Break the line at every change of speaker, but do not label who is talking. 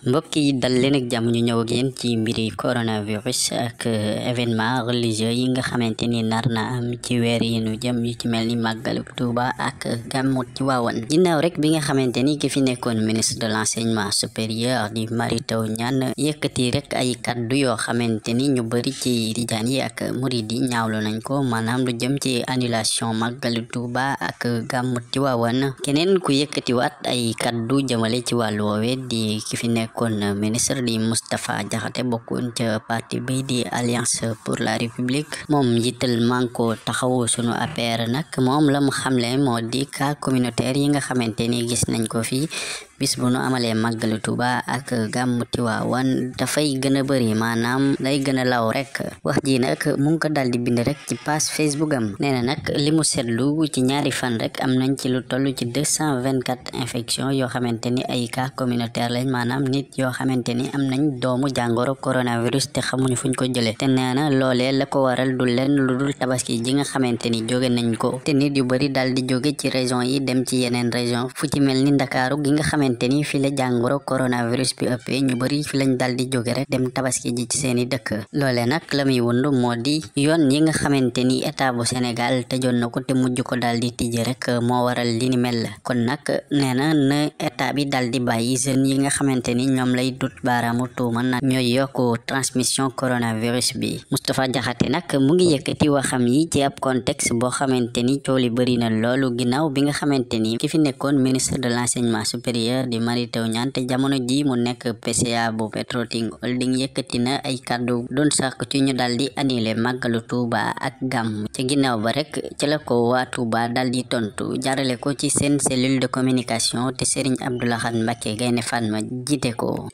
mbokk yi dal leen ak jàmm ñu ñëw ak yéen ci mbiri coronavirus ak euh, événement religieux yi nga xamante ni nar na am ci weer yi nu jëm yu ci mel ni màggalu Tuuba ak gàmmu ci waawan ginnaaw rek bi nga xamante ni ki fi nekkoon ministre de l'enseignement supérieur di Mary Teuw Niane yëkkati rek ay kaddu yoo xamante ni ñu bëri ci tijaan yi ak murid yi ñaawlu nañ ko maanaam lu jëm ci annulation màggalu Tuuba ak gàmmu ci waawan keneen ku yëkkati waat ay kaddu jëmale ci wàllu woowe di ki fi nekk nekkoon ministre di Moustapha Diakhaté bokkoon ca parti bi di alliance pour la république moom njiital manko taxawu sunu APR nag moom la mu xam leen moo di cas communautaire yi nga xamante ni gis nañ ko fii bis bu nu amalee màggali Tuuba ak gàmmu Tiwaawan dafay gën a bëri maanaam day gën a law rek wax ji nag mu ngi ko daal di bind rek ci page Facebook am nee na nag li mu seetlu ci ñaari fan rek am nañ ci lu toll ci deux cent vingt quatre infection yoo xamante ni ay cas communautaire lañ maanaam nit yoo xamante ni am nañ doomu jàngoro coronavirus te xamuñu fuñ ko jëlee te nee na loolee la ko waral du leen lu dul tabaski ji nga xamante ni joge nañ ko te nit yu bëri daal di jóge ci région yi dem ci yeneen région fu ci mel ni Ndakaaru xamante ni fi la jàngoro coronavirus bi ëppee ñu bëri fi lañ dal di jóge dem tabaski ji ci seeni dëkk loole nag la muy moo di yoon yi nga ni état bu Sénégal tëjoon na ko te mujj ko dal di tijji rek moo waral li ni mel kon nag nee na na état bi dal di bàyyi jeunes yi nga xamante ni ñoom lay dut baaraamu tuuma na ñooy yokku transmission coronavirus bi Moustapha Diakhaté nag mu ngi yëkkati waxam yi ci ab contexte boo xamante ni coow li bëri na loolu ginnaaw bi nga xamante ni ki fi nekkoon ministre de l'enseignement di Mary Teuw Niane te jamono ji mu nekk PCA bu Petroting Holding yëkkati na ay kaddu doon sàkk ci ñu daal di annulé lu Touba ak gàmm ci ginnaaw ba rek ci la ko waa Touba daal di tontu jaarale ko ci seen cellule de communication te Serigne Abdou Lahad Mbacké Gaïndé Fatma jiite ko